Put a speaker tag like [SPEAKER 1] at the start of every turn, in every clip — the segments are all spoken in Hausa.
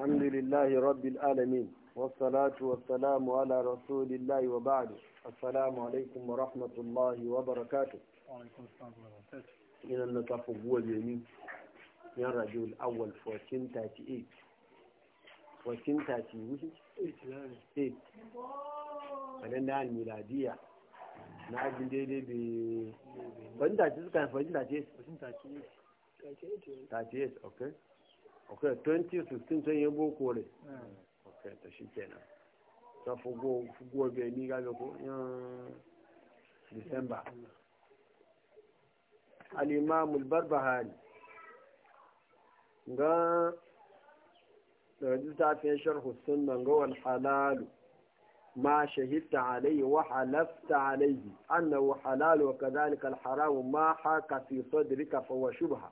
[SPEAKER 1] الحمد لله رب العالمين والصلاة والسلام على رسول الله وبعد السلام عليكم ورحمة الله وبركاته وعليكم السلام ورحمة الله إن النطاف هو اليمين يا رجل الأول 1438 1438 أنا نعم ميلادية na abin daidai bai fahimta ce suka fahimta ce 38 okay Okay, 2016 can yabo boko ne hmm. ok ta shi kenan ta fugo fugo be ni ga ko yan december al-imam al-barbahari ga da littafin sharhu sunan ga wal halalu ما شهدت عليه وحلفت عليه أنه حلال وكذلك الحرام ما حاك في صدرك فهو شبهه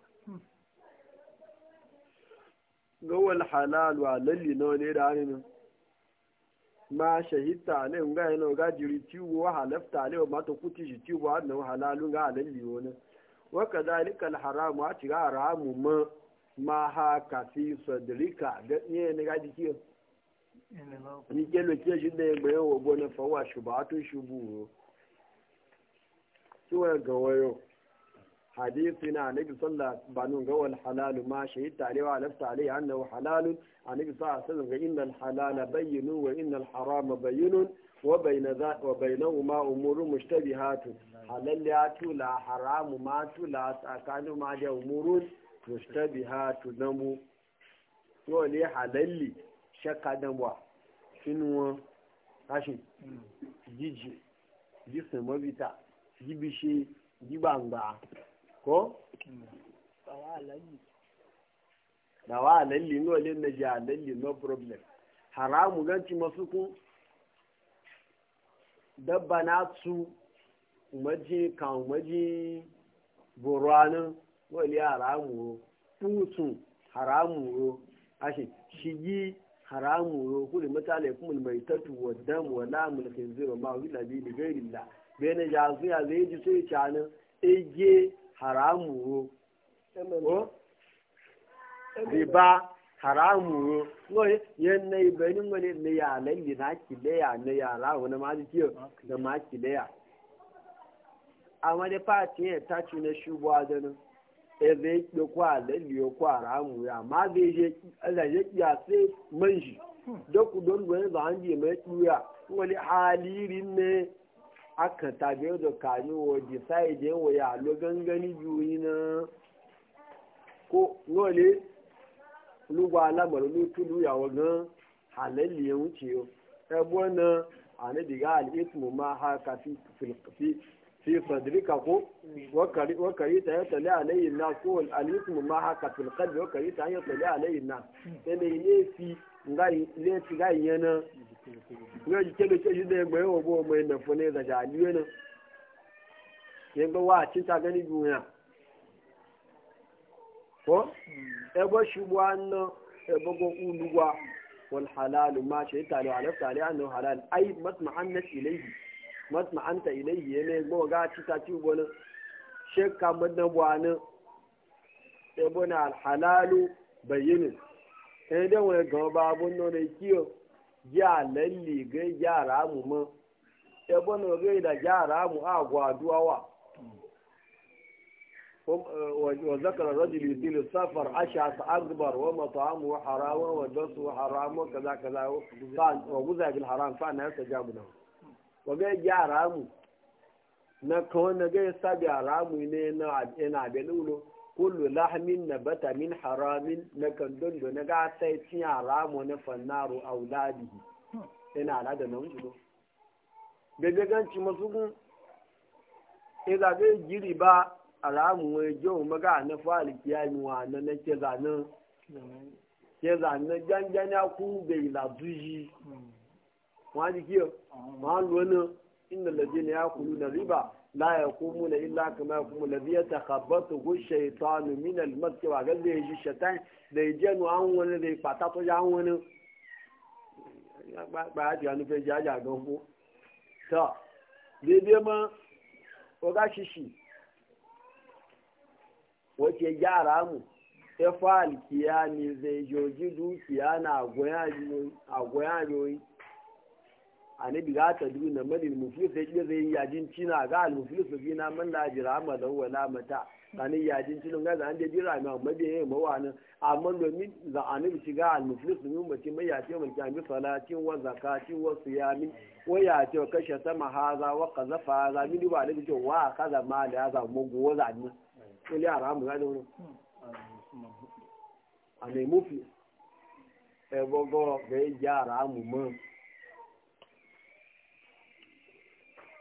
[SPEAKER 1] gawal halal wa lalli na ne da hannun ma shahita ne nga yana ga jiri tiwo wa halafta ne ma mata kuti shi tiwo wa nan halalu ga halalli ne. wa kadhalika alharamu a ci ga haramu ma ma ha kafi sadrika da ne ne ga jiki ni ke lo ke shi da ya bayan wa bona fawa shubatu shubu so ya ga حديثنا النبي صلى الله عليه وسلم قال الحلال ما شهد عليه وعلفت عليه أنه حلال النبي صلى الله عليه وسلم إن الحلال بين وإن الحرام بين وبين ذا وبينهما أمور مشتبهات حلال ياتو لا حرام ما تو لا ساكانو ما جاء أمور مشتبهات نمو ولي حلال شكا دموا شنو kashin جيجي jisun mabita جيبشي جيبانبا ko? dawa lalli, no le na ja lalli, no problem haramu ganci masu ku dabba na su maji kan maji borwanin le haramu tutun haramu ro ashe shigi haramu ro kuli mutane kuma mai tatu wa dam wa lamul khinzir ma wila bi gairillah bene ja zuya zai ji sai canin ege hara ho ko riba haramu ho ngoi yen ne ibe ngoni ne ya le ni na kile ya ne ya la ho na ma ji yo na ma kile ya amade party e ta chi ne shubu adenu ebe ikpe kwa le li o kwa haramu ya ma de je ala je ya se manji hmm. doku don gwe ba anji me tuya ngoni haliri ne aka tabe da kani wa disai je wa ya lo gangani biyu na ko lole lugwa alamar lutulu ya wa gan halalli ya wuce yau ebo na ana diga al'ismu ma haka fi fi sadrika ko wa kari ta yata le alayhi na ko al'ismu ma haka fi kalbi wa kari ta yata le alayhi na sai ne fi ngai le tiga yena ngo jikelo che jude gbe o bo na fone za ja liwe na yengo wa chinta gani guya ko hmm. ebo shubwana ebo go uluwa wal halal ma shayta ala ala tali halal ay matma'an nas ilayhi matma'an ta ilayhi yene go ga cita ci bona shekka madan bwana ebo na al bayyinin sai dai wani gama babun nuna kiyo ya lalli ya ramu ma ya bano gai da ya ramu a gwaduwa wa وذكر الرجل يدين السفر أشعث أكبر ومطعمه حرام ودرسه حرام وكذا كذا وغزى بالحرام فأنا يستجاب له وقال يا رامو نكون نجي سبي رامو إنه إنه عبد kullu lahmin nabata min haramin na kandon da na ga sai cin haramu na fannaru auladihi ina ala da nan jiro bebe ganci masu gun ila zai jiri ba haramu wai jau maga na fali kiyami wa na na ke zanen ke zanen janjan ya ku bai lazuji wani kiyo ma lona inda lajina ya kulu na riba la ya kumu na illa kama ya kumu na biya ta kabbatu ku shaitanu min almasi wa gaza ya ji shaitan da ya jenu an wani da ya fata to an wani ba ya ji hannu fai jaja gan ko ta daidai shishi gyara mu Efa fa dukiya na agoya ajoyi annabi za ta duk na malil muflis sai ke zai yajin cina ga al muflis fi na man la jira ma da wala mata kanin yajin cina ga zan da jira ma ma da ma wani amma domin za annabi shiga al da min mace mai yace mai kan salatin wa zakatin wa siyamin wa yace kashe sama haza wa kazafa haza mini ba annabi ce wa kaza ma da za mu goza ni ko ya ramu ga da wani annabi muflis e gogo ga ya ramu mun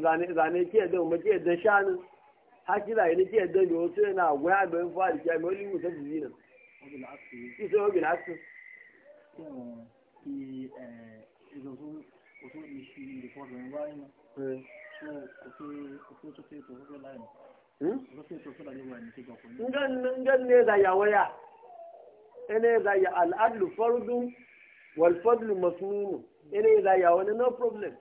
[SPEAKER 1] zane ke don ma ke don shanu haki da yi ke don da wasu yana waya da yin fari ke mai olin musa su zina isa yau gina asu hmm? ngan ne da ya waya ene da ya al'adu fardun wal fadlu masnunu ene ila ya wani no problem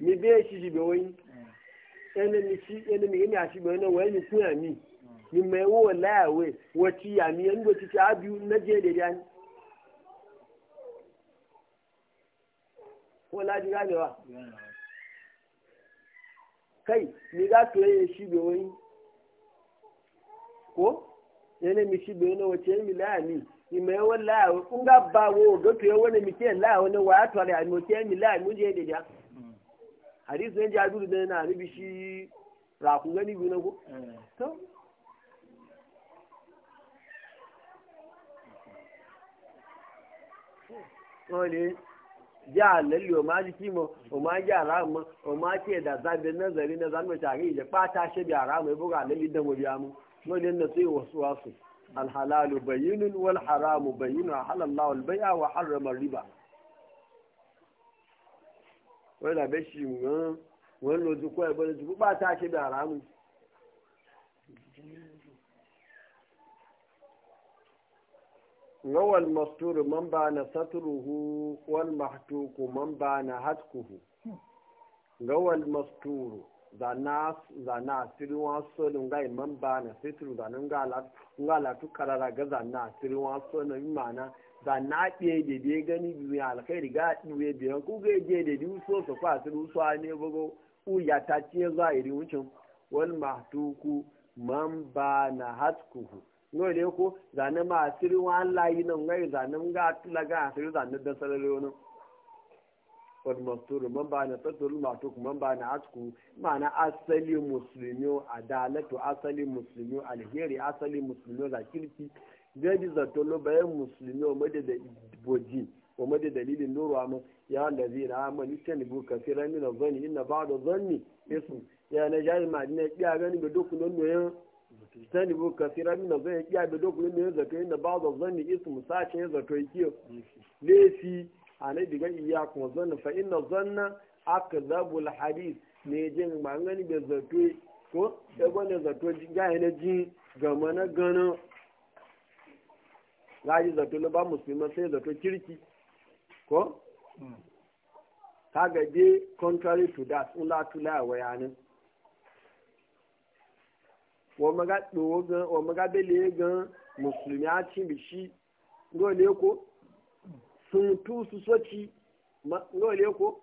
[SPEAKER 1] mi bee si si be woyin ene mi si ene mi ene asi be woyin wo ene si ami mi ma ewo wo laya wo ti ami eni wo ti abi na je de de ani wo laji gane wa kai mi ga to ene si be woyin ko. yana mi shi bayan wace mi la mi ima yawan la kun ga ba wo ga to yawan mi ke la wani wa ya tare mi ke mi la mi je da da hadisi ne ja duru da na rubi shi ra ku gani bi na ko eh. to ole ja lalle ma ji kimo o ma ji aramu o ma ce da zabe nazari na zanu ta ga ije pata shi bi aramu e buga lalle dan wo bi amu manyan na sai wasu wasu alhalalu bayinun wal haramu bayinu halallahu albai'a wa harrama riba wai da bai shi wọn wọn lo ju kọ ẹbọ lójú bá tá a ṣe bí haramu wal masturu man ba na saturuhu wal mahtuku man ba na hatkuhu wal masturu zana asirin wasu ne nga imman ba na sitiru zana nga latu karara ga zana asirin wasu ne imana zana ɗaya da biye gani biyu ya alkhairi ga ɗiwe biyan ku ga je da biyu so su fa asirin su ne bugu ku ya ta ce za a iri wucin wani wal mahtuku man ba na hatkuhu no ne ko zana ma asirin wa layi yi nan nga zana nga tulaga asirin zana da sarari wal masturu man ba na tattaru matuku man ba na asku ma'ana asali musulmi adalatu asali musulmi alheri asali musulmi da kirki gadi zatolo bayan musulmi wa mada da boji wa mada dalilin nuru amma ya wanda zai na amma nisan ibu kafiran mina zani inna ba da zanni isu ya na jari ma'adina ya gani ga dokunan noyan sani bu kasira mina zai iya da dokunan noyan zato ina ba da zanni isu ce zato kiyo lefi anai diga iya kuma zanna fa inna zanna akdhabul hadith ne jin mangani be zato e, ko da e gwane zato e, ga yana ji ga mana gano gaji zato na ba musulman sai zato kirki ko hmm. ka ga dai contrary to that ula tula wayanin wa maga dowo wa maga bele gan musulmi a cin bishi ngole ko tuntu su soci ngole ko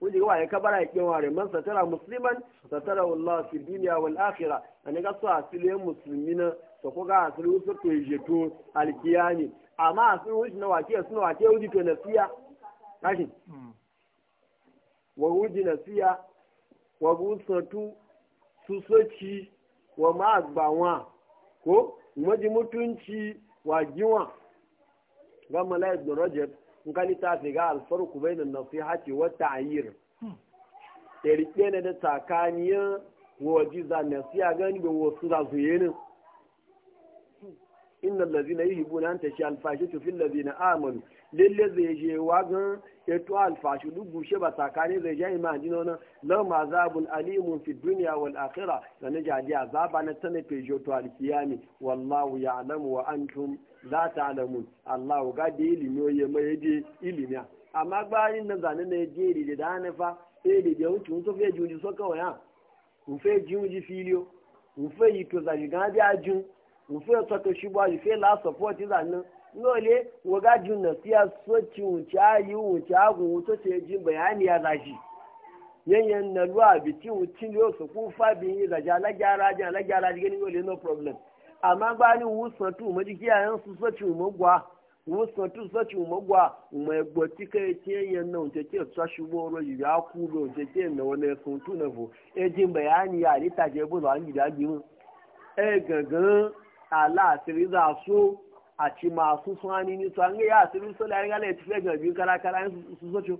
[SPEAKER 1] wani wa ya kabara ya kin ware man satara musliman satara Allah fi dunya wal akhirah an ga su asile muslimina to ko ga asili su to to alkiyani amma asile wuce na wake suna wake wuji to nasiya kashi hmm. wa wuce nasiya wa gusatu su soci wa ma agbawa ko maji mutunci wa giwa ga mala'ik rajab ta fi ga alfarku bai na nasihati wata ayir hmm. erike ne da tsakaniyar waje za nasiya gani da wasu za su yi nin hmm. inna na yi hibu na ta shi alfashi tufin na lele zai je wa gan eto alfashi duk gushe ba tsakanin zai je iman dino na lam azabun alimun fi dunya wal akhirah da na jadi azaba na tana fejo to alkiyami wallahu ya'lamu wa antum la ta'lamun allah ga ilimi oye mai yaje ilimi amma yin nan zane ne je da dana fa e de je untu so fe juji so kawai ya un fe juji filio un fe yito zani ga bi ajun un fe to to shi ba fe la support zanin n'ole waga juna fiya soci wuce ayi wuce agun wuce ce ji bayani ya zaji yanyan na luwa biti wuce ne su ku fa bi yi zaja la gyara jan la gyara ji gani lole no problem amma ba ni wusan tu ma ji kiyayen su soci mu gwa wusan tu soci gwa egbo ti ti yanyan na wuce ce tsa shugo ro yi ya na wani sun na e bayani ya ni ta je bu mu e gangan ala a ci masu sunanin yi sun ya su bi so lari gala ya tafiya ga biyu kala kala yin su zoce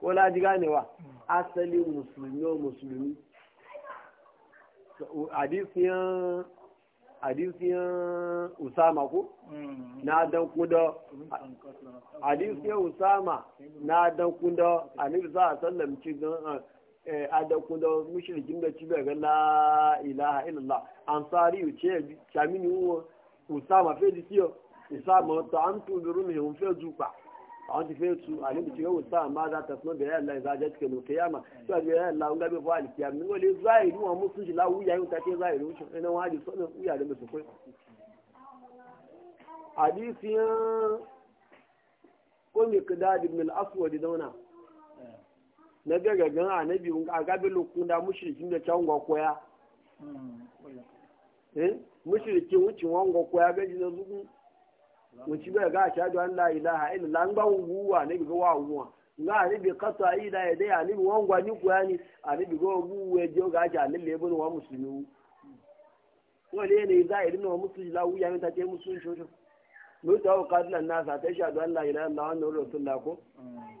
[SPEAKER 1] ko laji ganewa asali musulmi o musulmi adisiyan adisiyan usama ko na dan kudo adisiyan usama na dan kudo anibisa asalin an? adakun da mushrikin da ci daga la ilaha illallah ansari uce chamini uwo usama fe di kiyo usama to an tu bi rumi fe zuba an ti fe tu ani bi usama ma za ta ya Allah za ja tike no kiyama to bi ya Allah ngabe fo al kiyama ngo le zahiri wa musu ji la ta wa ji so ne ya da musu koi hadisiyan ko mi ibn al-aswad dauna na gaga gan annabi a gabe lokun da mushrikin da can gwa koya hmm, eh wucin wango koya gaji da zuku wuci ga ga shahadu an la ilaha illa an ba wuwa ne ga wa wuwa nga ani bi kata ida ede ani bi wango ani koya ni ani bi go wuwe jo ga ja ne lebo wa muslimi wo le ne za irin wa muslimi la wuya ta te musun shosho mu ta wa nasa ta shahadu an la ilaha illa anna rasulullah ko hmm.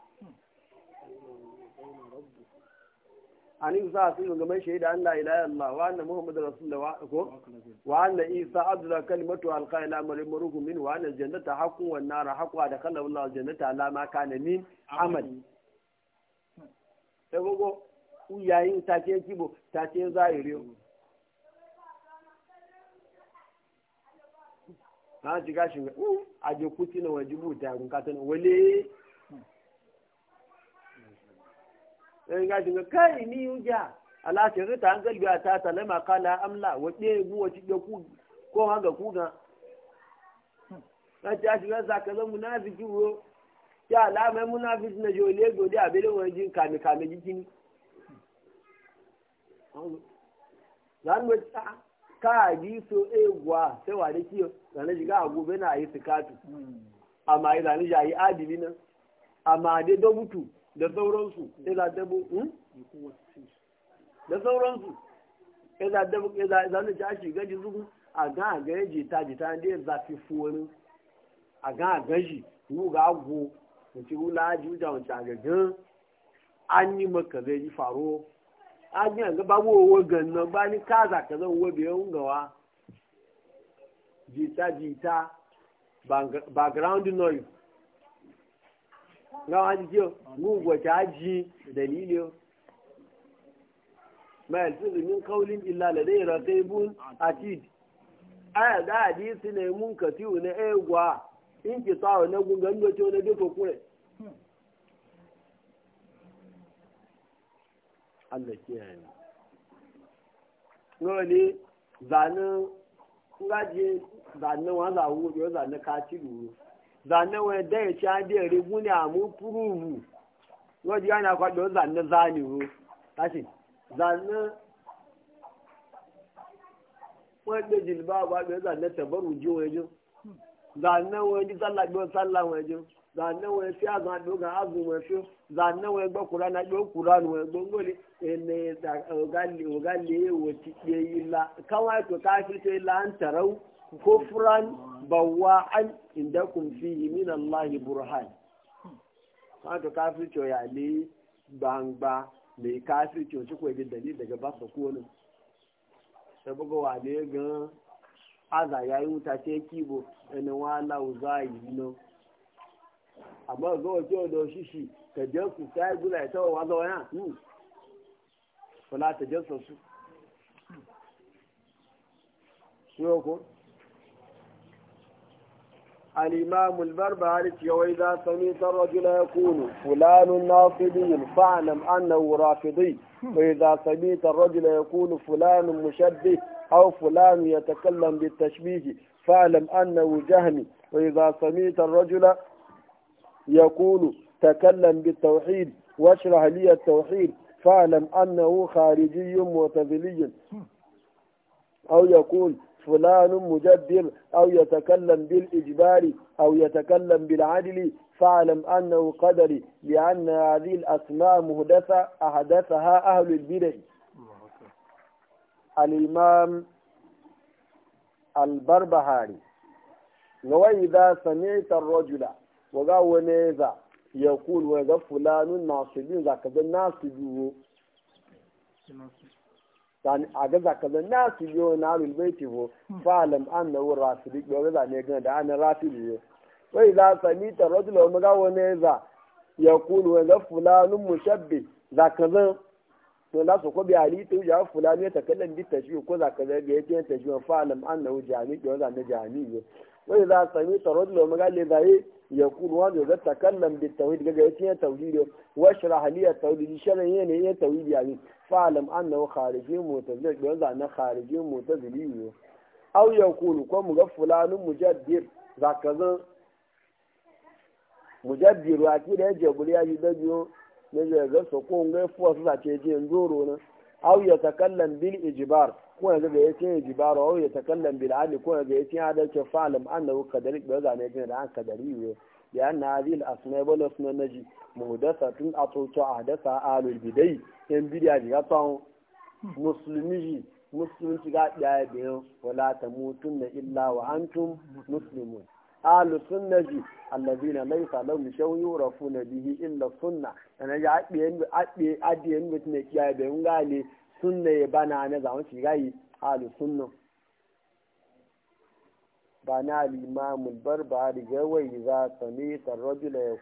[SPEAKER 1] ani za su yi gaman shaida an la ilaha illallah wa anna muhammad rasulullah ko wa anna isa abdul kalimatu alqaila marimaruhu min wa anna jannata haqqun wan nar haqqun da kana allah jannata la ma kana min amal sai gogo u yayin ta ce kibo ta ce zahiri na ji gashin uh, aje kuti na wajibu ta kun katana wale sai ga shi kai ni yuja ala shi rita an galbi a ta talama kala amla wace mu wace da ku ko ku ga na ta shi ga zaka zan munafiki ya ala munafiki na jole gode a bilin wajin kame kame jikin zan mu ta ka ji so egwa sai wa da kiyo zan ji ga gobe na yi sikatu hmm. amma zan ji ayi adili nan amma dai do mutu da sauransu iza dabu hmm? da sauransu iza dabu iza zanu ta shi gaji zugu a ga a ga yaji ta ji ta ne za fi fuwani a ga a gaji mu ga go mu ci wula ji uja mu ta ga gan an yi maka zai yi faro an yi ga babu ga gannan ba ni kaza ka zan wo biyan gawa jita jita background noise rawa jiyo gugu ta ji dalilio mai sirri min kaulin illa da dai raqibun atid aya da hadisi ne mun na egwa in ki tsawo na gugan na duka kure Allah kiyaye ni zanin ngaji zanin wa zawo yo zanin ka ci zane wani daya ci an biya rigu ne a mu furubu wajen yana zane zane ro tashi zane wanda jilba ba bai zane tabaru ji wajen zane wani sallah biyu sallah wajen zane wani fi azuma ga azuma fi zane wani gba kurana biyu wani ne da e yi la kawai to indakum fihi min Allahi burhan wato kafirco ya ne gbangba mai kafirco ci kwa da dalil daga ba su kone ta buga wa ne gan aza ya yi wuta ce kibo ɗanin wala uza yi no amma ga wace wa da shishi ka jan su sai gula ya tawa wazo wani hmm kula ta jan su su yau ko الإمام البربهاري وإذا سمعت الرجل يقول فلان ناصبي فاعلم أنه رافضي وإذا سمعت الرجل يقول فلان مشبه أو فلان يتكلم بالتشبيه فاعلم أنه جهمي وإذا سمعت الرجل يقول تكلم بالتوحيد واشرح لي التوحيد فاعلم أنه خارجي معتزلي أو يقول فلان مجبر أو يتكلم بالإجبار أو يتكلم بالعدل فاعلم أنه قدري لأن هذه الأسماء مهدثة أحدثها أهل البدع الإمام البربهاري وإذا سمعت الرجل وقال نيزا يقول وإذا فلان ناصبين ذاك الناصبين a ga zakala na su yi na alul baiti ho falam an na wuri rasidi ɗaure za ne da ana rasidi yo wai za sami ta rajula wani gawo ne za ya kulu wani fulanun mushabbi zakala. zan to la su ko bi ali to ya fulani ta kallan bi tashbi ko zaka zan ga yake tashbi falam an na wuri jami ɗaure za jami yo wai za sami ta rajula wani yi yakulu wani ga takallam bi tauhid ga yace ya tauhid wa shrah li at ya tauhid ya ni fa alam annahu khariji mutazili ga za na khariji mutazili yo aw yakulu ko mu ga fulanu mujaddid zaka zo mujaddid wa ki da ya jabuli yi da biyo ne ga so ko ga fuwa su za ce je nzoro na aw yatakallam bil ijbar kuma da ya ce jibaro au ya takallam bil adli kuma yanzu ya ce ya dace falim an da zane jini da an dari ne ya anna hadhihi al asma wal asma naji a atutu a alul bidai yan bidiya ya tsawon musulmi musulunci ga ɗaya biyan wala ta mutum na illa wa antum muslimun ahlu sunnati allazina laysa lahum shay'un na bihi illa sunna a ya abiyan mutum mutune kiyaye bayan gale sunna ya bana na zaman shi gayi ahlu sunna ba na al-imam al-barbari ga wai za sami tarrajula ya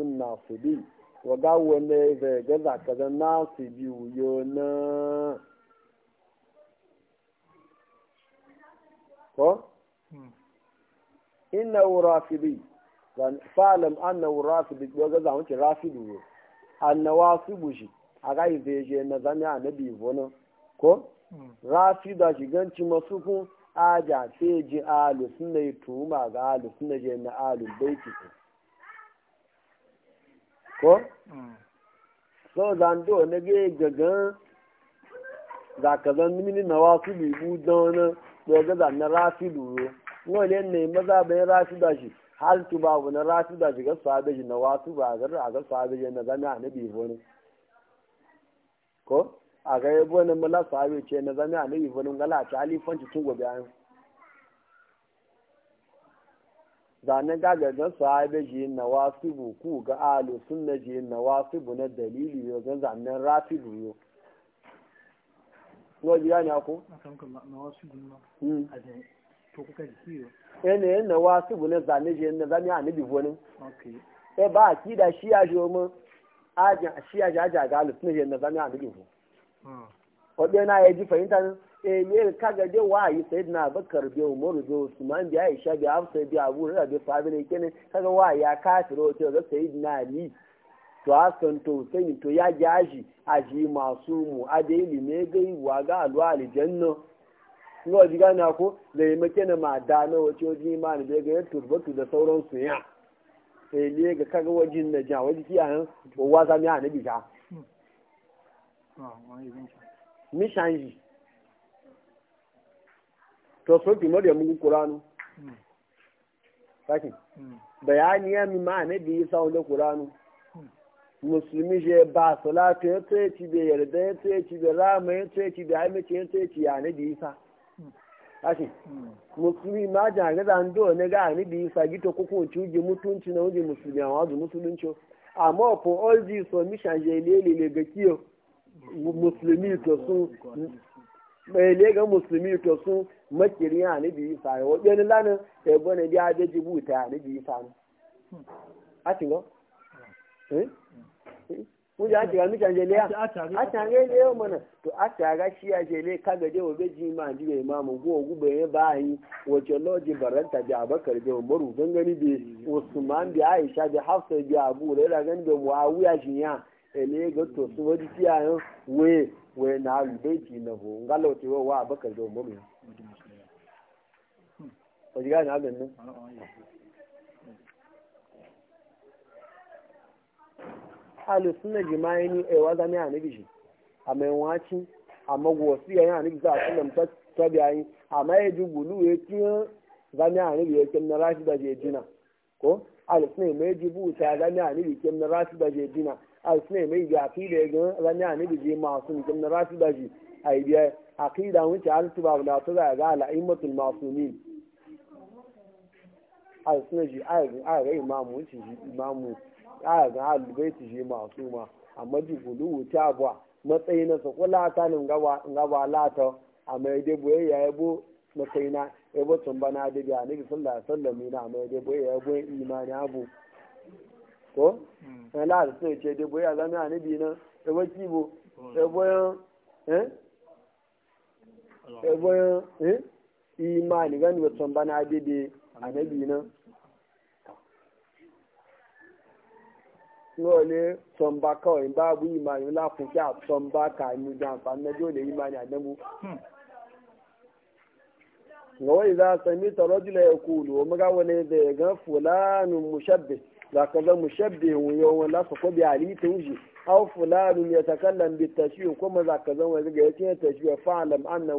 [SPEAKER 1] na su bi wa ga wanda zai ga zakazan bi wuyo na ko hmm. inna rafidi falam anna rafidi ga zaman shi rafidi na wasu shi a veje yi na zami a na bibo nan ko hmm. rafi da shiganci masu kun aja sai ji alu suna yi tuma ga alu suna je na alu baiti ko hmm. so zando na ga gagan za ka zan mini na wasu bibu don wani na zanen rafi duro le ne maza bayan rafi da shi har tu babu na rafi da shi ga su na wasu ba a ga su na zami a na bibo nan ko a ga yabo ne mala sahabe ce na zami annabi bani gala ta halifan tun gobe an zanen gagagen sahabe ji na wasu buku ga alu sunna ji na wasu bu na dalili yo ga zanen rafi yo ko ji gani ako na wasu bu na to kuka ji yo hmm. ene eh, na wasu bu na zane ji na zami annabi bani okay e ba akida shi ya jomo ajin a shi aji aji a galu suna yin na zami a duk yanzu hmm. wadda na ya ji fahimta nan e eh, ne ka ga dai wa yi sayyid na bakar biyu umaru biyu usman biya aisha biya hafsa biya abu rada biya sabi ne kaga wa ya kafiro ce ga sayyid na ni to hasan to husaini to ya ji aji aji masu mu adaili ne gai wa ga alwa aljanna ngo ji gana ko zai make na ma da na wace wajen imani da ga turba da sauransu ya ele ga kaga wajen na ja wajen kiyayen wa zami a nabi ja mishan yi to so ki mori mu qur'anu saki bayani ya mi ma nabi sa wala qur'anu musulmi je ba salatu ya ce ci be yarda ya ce ci be rama ya ce ci be aimace ya ce ci ya nabi sa ashe hmm. musulmi ma jan ga zan do ne ga ni bi sagi to koko ci uje mutunci na uje musulmi wa zu musulunci amma for all this so mi shanje le le le ga musulmi to mai le ga musulmi to ni bi sa yo lana e dia de jibuta ni bi sa hmm. a hmm. eh, eh? mun ji ake gami jangeliya a cange ne yau mana to a caga shi a jele ka gaje wa beji ma ji mai mamu go gube ya ba yi wace loji baranta bi abakar bi umaru gangani bi usman bi aisha bi hafsa bi abu raira gani bi muawiya shi ya ele ga to su wadi tiyayen we we na albeji na ho ngalo ti wa abakar bi umaru ya. Ojiga na abin nan. ahlu sunna jima'i ni e ewa zami anabi shi a mai wacin amma wasu yayin anabi za a sallam ta tabi ayi amma ya ji gulu ya ci zami anabi ya kyan na rashi da je jina ko ahlu sunna mai ji buta zami anabi kyan na rashi da je jina ahlu sunna mai gafi da ya ga zami anabi je masu kyan na rashi da je a yi biya da wuce al tuba wala tuba ga al aimatul masumin a suna ji a yaga a yaga imamu ci ji imamu a yaga alubai ci ji masu ma amma ji gudu wuce abuwa matsayi na su kula ta nan gaba lata a mai dai boye ya yabo matsayi na ya yabo tumba na da biya nabi sallallahu alaihi wasallam na a mai dai boye ya yi yabo imani abu ko hmm. na la da sai ce dai boye ya zama nabi ya yabo kibo yabo eh yabo eh imani gani ba tumba na da biya annabi na. lole tsomba kawai babu imani lafuki a tsomba ka yi amfani a damu hmm. ga wani za a sami tarajula ya kulu wa maga wani da ya ga fulanin mushabbe za ka ga mushabbe wuyo wani lafa ko bi halitta wuce aw fulanun ya takallam bi tashbihi kuma za ka zama daga ya ce tashbihi fa na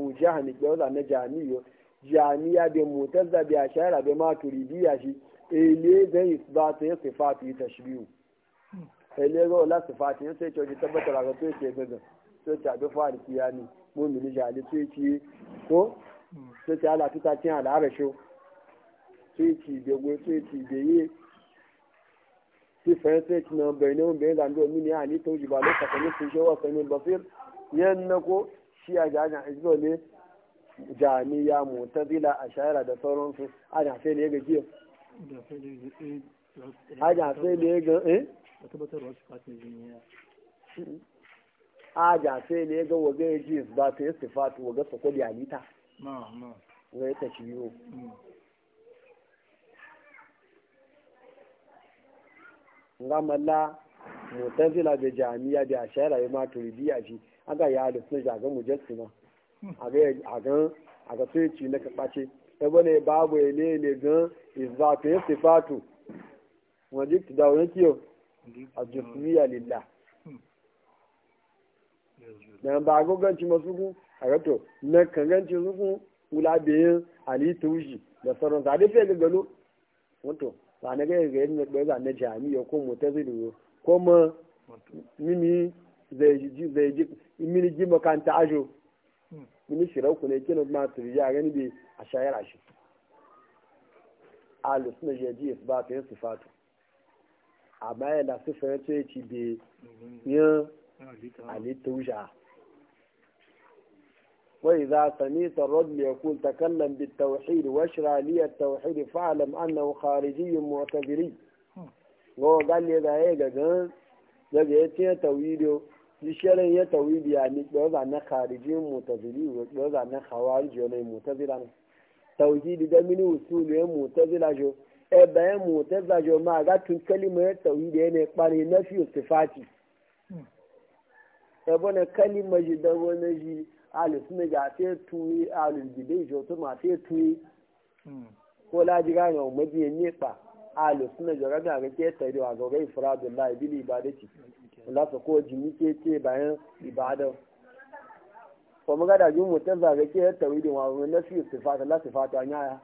[SPEAKER 1] ashara shi ele kai ne ga wala sifati yin sai kyauci tabbatar ga sai ke gaga sai ta bi fara kiya ne mumini jali sai ci ko sai ta halatu ta cin al'ara shi sai ci da go sai ci da yi sifai sai ci na bayanin bayan zando mini ya ni tauji ba lokacin ne sun shewa sanin basir yan na ko shi a jajan izgo ne jami'a mutazila a shayara da sauransu ana sai ne ga jiya ana sai ne ga eh a tabbatar wasu fatin jiniya aja sai ne ga waga ya ji ba ta yi sifatu waga su kudi alita wai ta ciwo ramalla mm. mutazila da jami'a da ashara ya maturidi a ji aga ya da sun jaga mujassima a ga sai ci na kaɓace ya ne babu ne ne gan izbatu ya sifatu wajen ta dawo wani yau الجسمية لله dan ba goganci masu a gato na kanganci su wula biyan halittu da sauran dai galo wato ba na ga na ko mota zai ko ma mini zai ji mini ji makanta ajo mini shirau ku ne kina ma gani a shayar a shi ba ta yin sifatu amma yana sufin ya ce ci bi yin alituja wai za ta nisa rajul ya kun takallan bi tauhid wa shiraliyar tauhid fa'alam annahu kharijiyyun mu'taziri go galle da ya gagan daga ya ce tauhido bishiyarin ya tauhidi ya ni ɗoza na kharijiyyun mu'taziri ɗoza na khawarij ne mu'tazila ne tauhidi da mini usulu ya mu'tazila jo ebe ya mota za ma ga tun kalima ya tawi da yana kpari na fiye sifati ebe hmm. na kalima ji da wani ji alis na hmm. ga sai tuyi alis gidai ji otu ma sai tuyi ko laji gane e wa mabiyan nefa alis na ga raga ga ke tare wa gaugai furadun la ibili ibadati wala su ko jini ke ce bayan ibadan ko magada jin mota zaga ke ya da wani na fiye sifati la sifati an yaya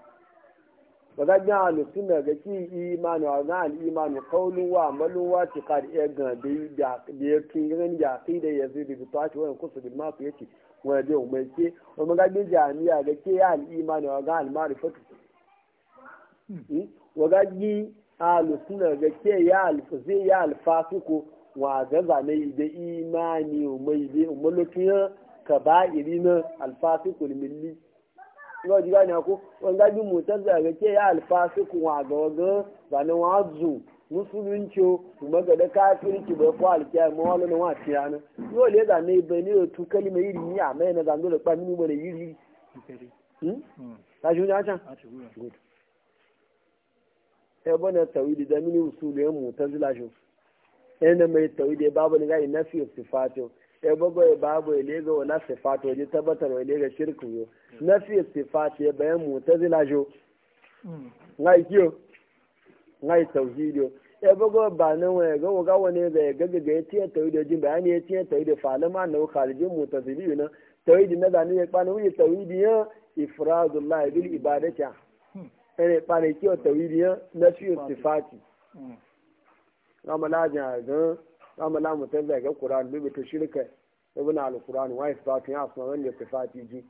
[SPEAKER 1] waga jin halittun da ga ki imanu a ga al'imanu kaulun wa amalin wa ci ka da da ya tun gani ya kai da ya zai rubuta a cikin kusa bin masu ya wani da yau mai wani ga jami'a ga ke ya al'imanu hmm? a ga fatu waga zane da ga ji gane ko wanda bi mutar da ga ke ya alfasu kuma ga waga zanen wazu musulunci kuma ga da kafirci bai ko alkiya ne bai ne to kalma yiri ni hmm? Hmm. a mai e na zando da kwa mini mana yiri ta ni ya bago ya babu ya lega wala sifatu ya tabbatar ya lega shirku yo mm. na fi sifatu ya bayan mu ta zila jo mm. ngai kiyo ngai tauhidi yo ya bago ba nan waya ga waga wani da ya gaga ga ya tiya tauhidi jin bayani ya tiya tauhidi falama na kharijin mu ta zili na tauhidi na zani ya kwana wuya tauhidi ya ifradullahi bil ibadati hmm. ene kwana kiyo tauhidi ya na fi sifatu ramalajan hmm. ga amma lamu mu tanda ga qur'an bi ta shirka ibn al-qur'an wa isbatu ya asma wal yakfati ji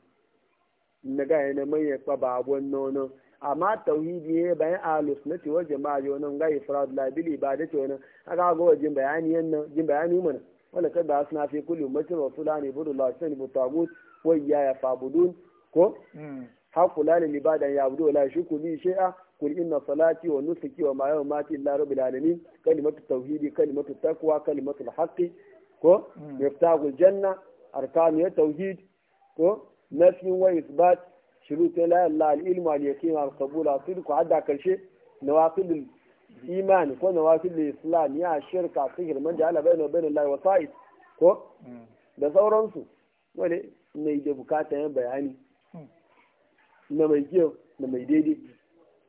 [SPEAKER 1] naga yana mai ya ba babon nono amma tauhidi ne bayan ahlus sunnati wal jama'a yonan ga ifrad la bil ibadati wannan aka ga wajin bayani yannan jin bayani mana wala ka ba asna fi wasu lani rasulani budullah sani butagut wa ya fabudun ko hmm. hakula lil ibadan ya budu la shuku bi shay'a kul inna salati wa nusuki wa ma yawma mati rabbil alamin kalimatu tauhidi kalimatu taqwa kalimatu haqqi ko janna arkanu tauhid ko nafi wa isbat shurut la ilaha al al yaqin al qabul karshe nawaqidul iman ko nawaqidul islam ya shirka sihir man ja'ala da sauransu wale ne da bukata bayani na mai kiyo na mai daidai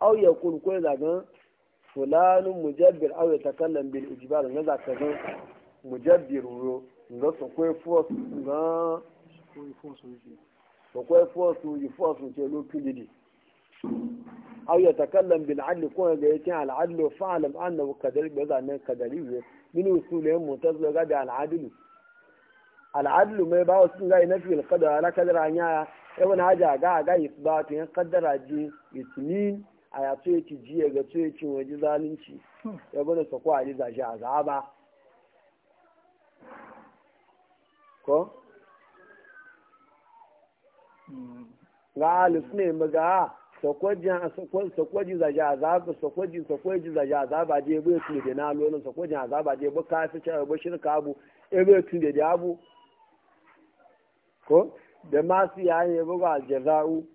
[SPEAKER 1] aw ya kun ko ya gan fulanun mujabbir aw ya takallam bil ijbar ga za ka gan mujabbir ro ga so ko force ga so ko force yi force ce lo pididi aw ya takallam bil adl ko ga yake al adl fa'lam annahu kadari ga za nan kadari min usulin mutazila ga da al adl al'adlu mai ba wasu ga ina fil qadar ala kadara nya ibn haja ga ga isbatu yan qadara ji itnin a ya tuye ci jiya ga tuye cin waje zalunci hmm. ya bada sako a liza shi a zaba ko hmm. ga alif ne maga sakwaji sakwaji za ja azaba sakwaji sakwaji za ja azaba je bai tun da na lolin sakwaji azaba je ba kafi cha ba shirka abu e bai tun da abu ko da masu yayin ya buga aljaza'u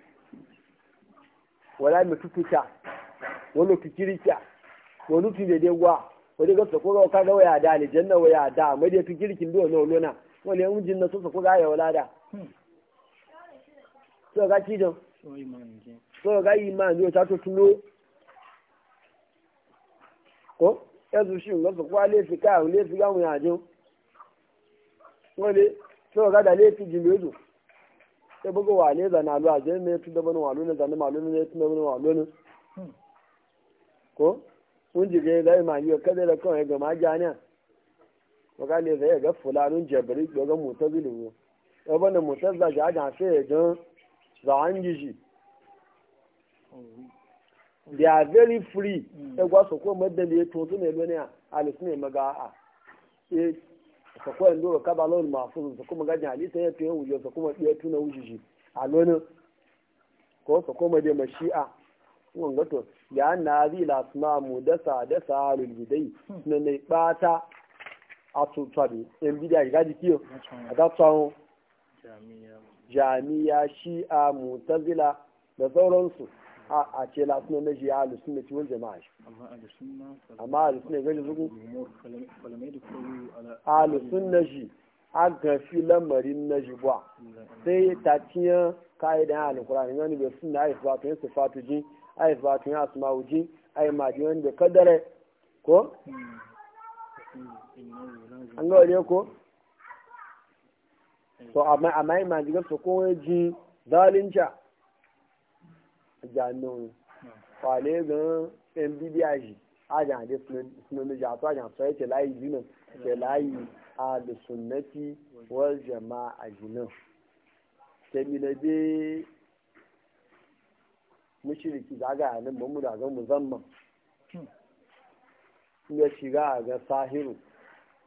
[SPEAKER 1] wala mi tututa wani fikirka wani tu da dewa wani ga sako ga kaga waya da aljanna waya da mai da fikirkin do no olona wani yan jinna so sako ga ya wala da hmm. so ga ci don so ga imani yo ta to tulo ko yanzu shi ga sako ale fika ale fika mu ya jo wani so ga da le fi jin sai buga wale zana lu a zai mai tun da bani ne zana malo ne tun da bani walo ne ko mun ji ga zai ma yiwa kada da kawai ga majaniya waga ne zai ga fulanun jabari ga ne ya bani mutazza ga ga sai ya ga za an gishi they are very free hmm. ya gwaso ko madda ne to ne a alisu ne maga a eh, ka koyan doro ka ba lawal mahfuz su kuma gajin hadisi ya fiye wujo su kuma fiye tuna wujiji a lonin ko su kuma da mashi'a wani gato ya na zi lasma mu dasa dasa halin gidai na nai bata a tuntun yan bidiya ga gaji kiyo a gatsawo jami'a shi'a mu mutazila da sauransu a ce la suna na jiya da suna ciwon jama'a shi amma a suna ga ji zuku alu suna ji a gafi lamarin na ji ba sai ta ciye yana alukura ne wani bai suna aif ba tun sufatu ji aif ba tun asma'u ji aif ma ji wani bai kaddare ko an ga wani ko so amma amma ma ji gafsa ko ji zalinca jannun kwale hmm. gan yan bidiyaji ajan hade sunan da to ajan so yake layi jinan ke layi hmm. a da sunnati wal jama'a jinan kemi na be mushriki zaga a nan mu da ga musamman ya hmm. shiga a ga sahiru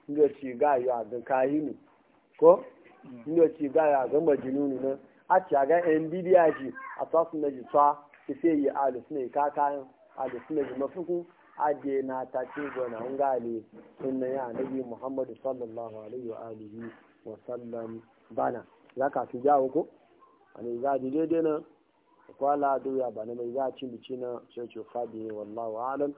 [SPEAKER 1] ya shiga ya ga kahinu ko ya shiga ya ga majinunu na. a ci aga ga ji a tsa su na ji tsa su fe yi a da su ne kakayan a na ji mafuku a je na ta ce gona an gane ya nabi muhammadu sallallahu alaihi wa alihi wa sallam bana za ka fi jawo ko a ne za ji daidai na kwala doya ba mai za a ci na fadi wallahu alam